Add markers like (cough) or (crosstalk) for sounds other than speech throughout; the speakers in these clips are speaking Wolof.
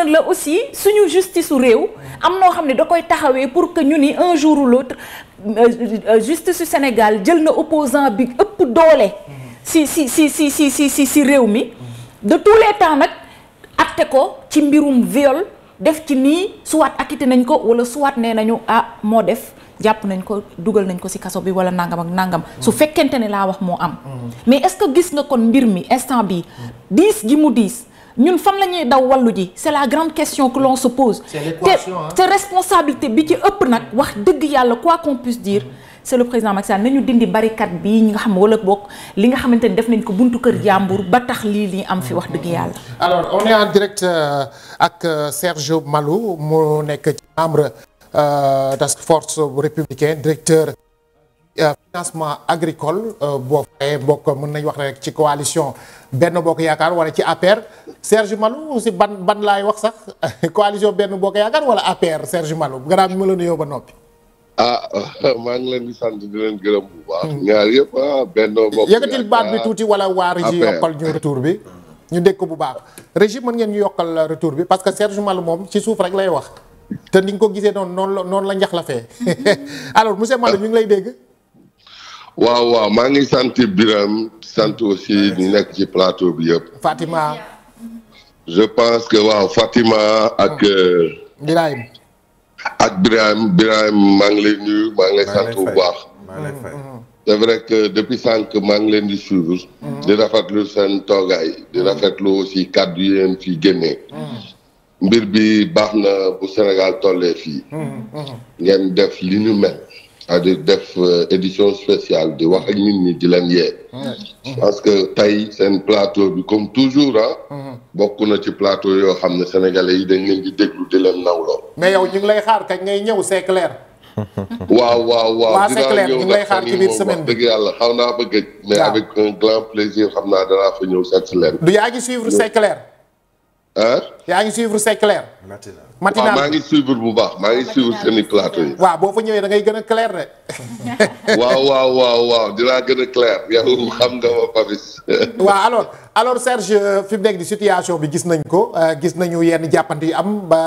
honneur la aussi suñu justice su réew am noo xam ne da koy taxawee pour que ñu ni un jour ou l'autre euh, euh, justice Sénégal jël na opposant bi ëpp doole si si si si si si si si réew mi de tous les temps nag atte ko ci mbirum viole def ci nii soit acquitté nañ ko wala soit nee nañu ah moo def jàpp nañ ko dugal nañ ko ci kaso bi wala nangam ak nangam. su fekkente ne laa wax moo am. Mm. mais est-ce que gis nga kon mbir mi instant bi diis gi mu diis. ñun fan la ñuy daw wàllu ji c'est la grande question que l'on se pose te te responsabilité bi ci ëpp nag wax dëgg yàlla quoi qu'on puisse dire c'est le président Macky nañu dindi barricade bi ñi nga xam wala bokk li nga xamante ni def nañ ko buntu kër jàmbur ba tax lii lii am fi wax dëgg yàlla alors on est en direct euh, ak euh, Serge malo mu nekk membre euh, task force républicain directeur Euh, financement agricole euh, boo fayee bokk mën nañ wax rek ci coalition benn bokk yaakaar wala ci APR Serge Malou si ban ban laay wax sax (laughs) coalition benn bokk yaakaar wala APR Serge Malou gannaaw bi ma la nuyoo ba noppi. ah (laughs) maa ngi leen di sant di leen gërëm bu baax. ñaar ah, bi tuuti wala waa régie yokkal ñu retour bi. ñu dégg ko bu baax régie mën ngeen ñu yokkal retour bi parce que Serge Malou moom ci suuf rek lay wax te ni nga ko gisee noonu noonu la noonu la njax la fee (laughs) alors monsieur Malou ñu ngi lay dégg. waaw waaw maa ngi santi biram sant aussi ñi nekk ci plateau bi yëpp. Fatima. je pense que waaw Fatima ak. Hmm. Euh, Birame. ak Birame Birame maa ngi lay nuyu maa ngi lay sant bu baax. Hmm, hmm. c'est vrai que depuis sànq maa ngi leen di suivre. di rafetlu seen toogaay di rafetlu aussi kàddu yi ngeen fi mbir bi baax na bu Sénégal tollee fii. ngeen def li ñu mel. a à dire def euh, édition spéciale di wax ak nit ñi di leen yee. parce que tey seen plateau bi comme toujours ah. bokk na ci plateau yoo xam ne sénégalais yi dañ leen di déglu di leen nawloo. mais yow ñu ngi lay xaar kañ ngay ñëw c'est clair. (laughs) waaw waaw waaw dinaa ñëw ndax fan yii moom wax dëgg yàlla xaw naa bëgg mais avec un grand plaisir xam naa danaa fa ñëw c'est clair. du yaa ngi suivre c'est ah. yaa ngi suivre c'est clair. matinal matinal maa ngi suivre bu baax maa ngi suivre seen plateau yi. waaw boo fa ñëwee dangay gën a clair de. (laughs) waaw waaw waaw waaw dinaa gën a clair yow xam nga ma Papis. (laughs) waaw alors alors Serge fi mu nekk di situation bi gis nañ ko euh, gis nañu yenn jàppante yu am ba.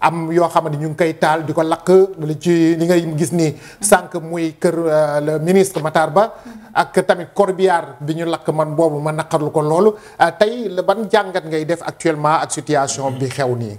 am yoo xam ne ñu ngi koy taal di ko lakk li ci li ngay gis ni sànq muy kër euh, ministre Matar Ba ak tamit corbiar bi ñu lakk man boobu ma naqarlu ko loolu euh, tey ban jàngat ngay def actuellement ak situation bi xew nii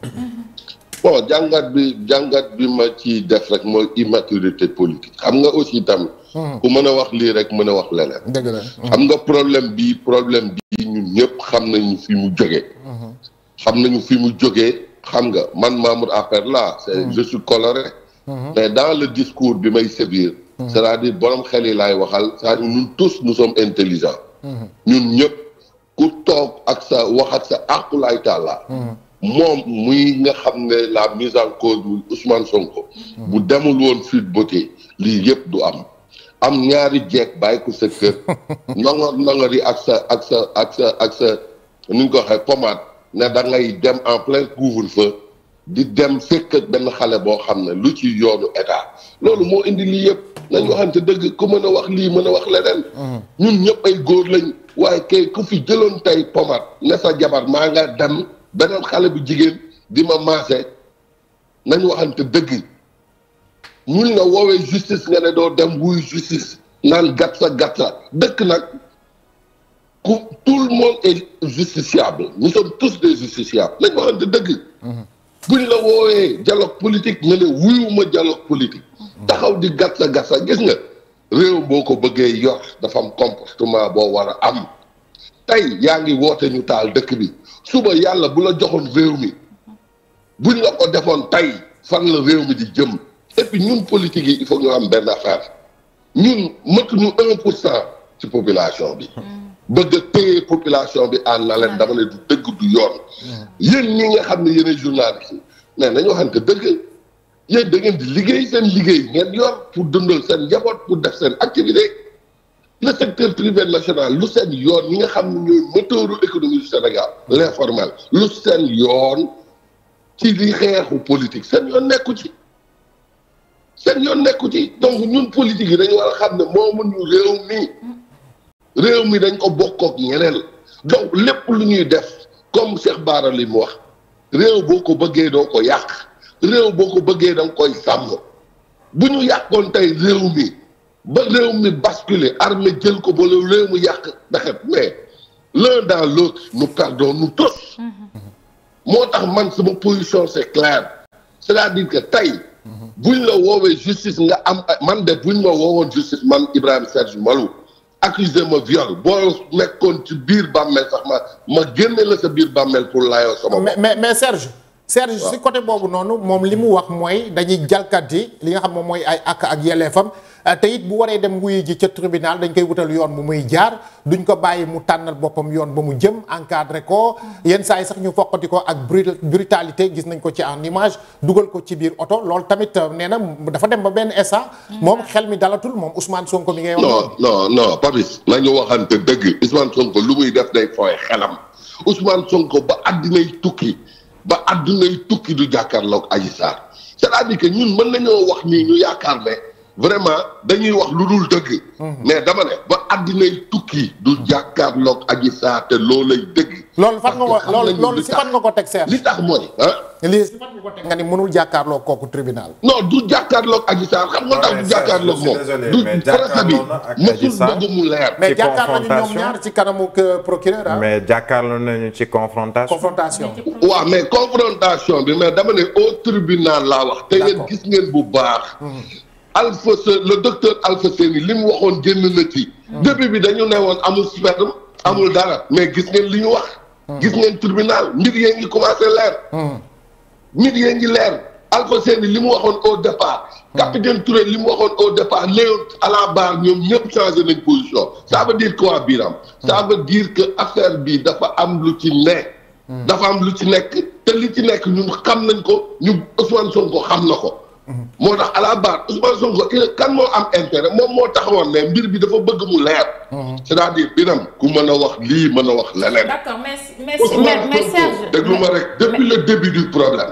bon jàngat bi jàngat bi ma ci def rek mooy immaturité politique xam nga aussi tamit hmm. ku mën a wax lii rek mën a wax leneen dëgg la hmm. xam nga problème bi problème bi ñun ñëpp xam nañu fi mu jógee hmm. xam nañu fi mu jóge xam nga man membre APR laa c'est hmm. je suis coloré hmm. mais dans le discours bi may sévir hmm. c'est-à-dire borom xel yi laay waxal c'est-à-dire ñun tous nous sommes ñëpp ku toog ak sa wax ak sa aqulaay taala moom nga la mise en cause Sonko bu demul woon Sweet Beauté lii yëpp du am am ñaari jeeg bàyyi ko sa (laughs) ak sa ak sa ak sa ak nu ñu ko waxee pomade ne da ngay dem en plein couvre-feu di dem fekk ak benn xale boo xam ne lu ci yoonu état loolu moo indi lii yëpp nañ mm-hmm. waxante dëgg ku mën a wax lii mën a wax leneen mm-hmm. ñun ñëpp ay góor lañ waaye kay ku fi jëloon tey pomat ne sa jabar maa nga dem beneen xale bu jigéen di ma maase nañ waxante dëgg mun nga woowee justice nga ne doo dem wuy justice naan gatsa gatsa dëkk nag tout le monde est justiciable nous sommes tous des justiciables nañ waxante dëgg. Mhm. ñu la woowee dialogue politique nga ne wuyuma dialogue politique. Mhm. taxaw di gàtta gàtta gis nga réew boo ko bëggee yor dafa am comportement boo war a am tey yaa ngi woote ñu taal dëkk bi suba yàlla bu la joxoon réew mi buñ la ko defoon tey fan la réew mi di jëm et ñun politique yi il faut ñu am benn affaire ñun mëtuñu un pour cent ci population bi. Mhm. bëgg a population bi en haleine ah. dama ne du dëgg du yoon. Hmm. yéen ñi nga xam ne yéen journaliste yi mais nañu waxante dëgg yéen da ngeen di liggéey seen liggéey ngeen yor pour dundal seen njaboot pour def seen activité le secteur privé national lu seen yoon ñi nga xam ne ñooy moteuru économie du Sénégal hmm. l' lu seen yoon ci li xeexu politique seen yoon nekku ci. seen yoon nekku ci donc ñun politique yi dañu war a xam ne moomuñu réew mi. Hmm. réew mi dañ ko bokkook ak ñeneen donc lépp lu ñuy def comme Cheikh Bara li mu wax réew boo ko bëggee doo ko yàq réew boo ko bëggee da nga koy sàmm bu ñu yàqoon tey réew mi ba réew mi basculer armée jël ko ba réew mi yàq daxet mais l'un dans l'autre nous perdons nous tous moo tax man sama position c'est claire c'est-à-dire que tey buñ la woowee justice nga am man de buñ ma woowoon justice man Ibrahima Serge Malou accusé ma viol boo nekkoon ci biir bàmmeel sax ma ma génne la sa biir bàmmeel pour laayoo sama bopp. mais mais Serge. Serge si côté boobu noonu moom li mu wax mooy dañuy jalkati li nga xam moom mooy ay àq ak yelleefam Euh, te it bu waree dem wuyu ji ca tribunal dañ koy wutal yoon bu muy jaar duñ ko bàyyi mu tànnal boppam yoon ba mu jëm encadré ko yenn saa yi sax ñu foqati ko ak brutalité gis nañ ko ci en image dugal ko ci biir oto loolu tamit euh, nee na dafa dem ba benn instant. moom xel mi dalatul moom Ousmane Sonko mi ngay wax. non non non Papis nañu waxante dëgg Ousmane Sonko lu muy def day fooy xelam Ousmane Sonko ba addinay tukki ba addinay tukki du jàkkaarloog Adji Sarr c'est-à-dire que ñun mën nañoo wax nii ñu vraiment dañuy wax lu dul dëgg. Mhm. mais dama ne ba addinay tukki. du mhm. jàkkaarloog aji saa te loolay dëgg. loolu fan nga ko loolu loolu si fan nga ko teg seer. li tax mooy nga ni mënul jàkkaarloog kooku tribunal. non du jàkkaarloog aji saa xam nga tax du jàkkaarloog moom. du procès bi mësul dëgg mu leer. mais jàkkaarloo nañu ñoom ci kanamu euh, procureur ah. mais jàkkaarloo nañu ci confrontation. confrontation. waaw mais confrontation bi mais dama ne au tribunal laa wax. te yéen gis ngeen bu baax. Mhm. Alpha le docteur Alpha Seyni li mu waxoon génn na ci. Hmm. début bi dañu ne woon amul sperme amul hmm. dara mais gis ngeen li ñu wax. Hmm. gis ngeen tribunal mbir yee ngi commencé leer. mbir yee ngi leer Alpha Seyni li mu waxoon au départ. capitaine Touré li mu waxoon au départ Léon à la barre ñoom ñëpp changé nañ position ça veut dire quoi Biram. ça veut dire que affaire bi dafa am lu ci ne. dafa am lu ci nekk te li ci nekk ñu xam nañ ko ñu Ousmane Sonko xam na ko. moo tax à la barre Ousmane Sonko kan moo am intéret moom moo taxawoon ne mbir bi dafa bëgg mu leer. Mhm. c'est-à-dire binam ku mën a wax lii mën a wax leneen. d'accord mais mais mais Serge déglu ma rek depuis le début du problème.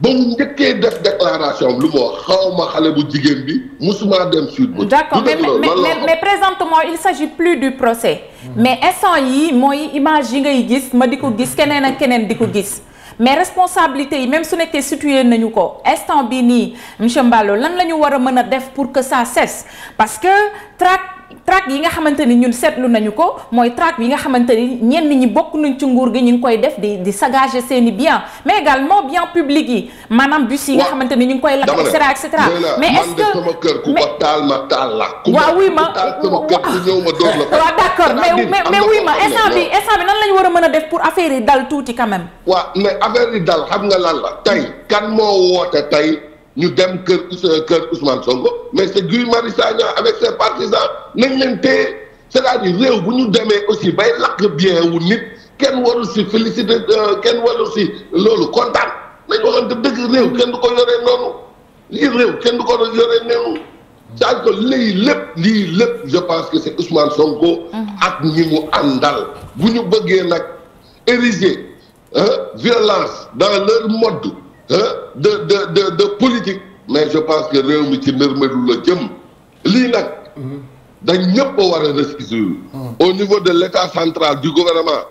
ba mu njëkkee def déclaration lu ma wax xaw ma xale bu jigéen bi musuma dem sud. bu d'accord mais mais mais présentement il s'agit plus du procès. Mhm. mais instant yi mooy image yi ngay gis ma di ko gis keneen ak keneen di ko gis. mais responsabilité yi même su nekkee situé nañu ko instant bi nii monsieur Mballo lan la ñu war a mën a def pour que ça cesse parce que traque tract yi nga xamante ni ñun seetlu nañu ko mooy tract yi nga xamante ni ñenn ñi bokk nañ ci nguur gi ñu ngi koy def di di sagager seeni bien mais également bien public yi maanaam bus yi nga xamante ni ñu ngi koy lakk et cetera et cetera mais est-ce que sama kër ku ma taal ma taal la waaw wuy ma (laughs) waaw d'accord mais mais wuy ma instant bi instant bi nan lañu war a mën a def pour affaire yi dal tuuti quand waa waaw mais affaire yi dal xam nga lan la tey kan moo woote tey ñu dem kër euh, kër Ousmane songo mais c'est Guy Marius Sagna avec ses partisans nañ leen téye c'est-à-dire réew bu ñu demee aussi bay lakk bien wu nit kenn warul si félicité euh, kenn warul aussi loolu kontaan nañ waxante dëgg réew kenn du ko yoree noonu lii réew kenn du ko yoree noonu daal ko lii lépp lii lépp je pense que c'est Ousmane Sonko. ak ñi mu àndal bu ñu bëggee nag ériger violence dans leur mode de de de de politique mais je pense que réew mi ci nërmelu la jëm lii nag dañ ñëpp a war a restituer hmm. au niveau de l' état central du gouvernement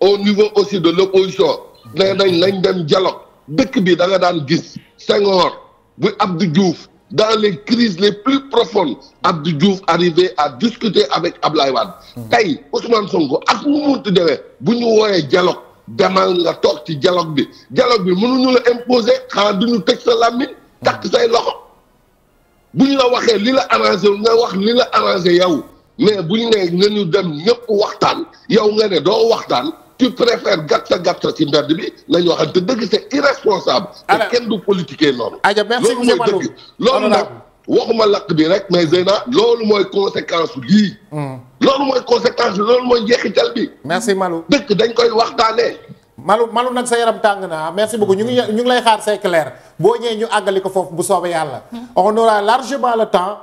au niveau aussi de l' opposition ne nañ nañ dem dialogue dëkk bi da daan gis Senghor bu Abdou Diouf dans les crises les plus profondes Abdou Diouf arrivé à discuter avec Ablaye Wade hmm. tey Ousmane Sonko ak mu munti demee bu ñu wooyee dialogue demal nga toog ci dialogue bi dialogue bi mënuñu la imposer du ñu tëj sa làmmiñ takk hmm. say loxo bu ñu la waxee li la arrangé nga wax li la arrangé yow mais bu ñu nee nga ñu dem ñëpp waxtaan yow nga ne doo waxtaan tu préfères gàtta gàtta ci mbedd bi nañu waxante dëgg c'est irresponsable te kenn du politiquer noonu loolu mooy dëgg loolu nag waxuma lakk bi rek mais Zeyna loolu mooy conséquence lii hmm. loolu mooy conséquence bi loolu mooy njeexital bi. merci Malou dëkk dañ koy waxtaanee. Malou Malou nag sa yaram tàng na merci beaucoup ñu ngi ñu ngi lay xaar c'est clair boo ñëwee ñu àggali ko foofu bu soobee yàlla. Hmm. on aura largement le temps.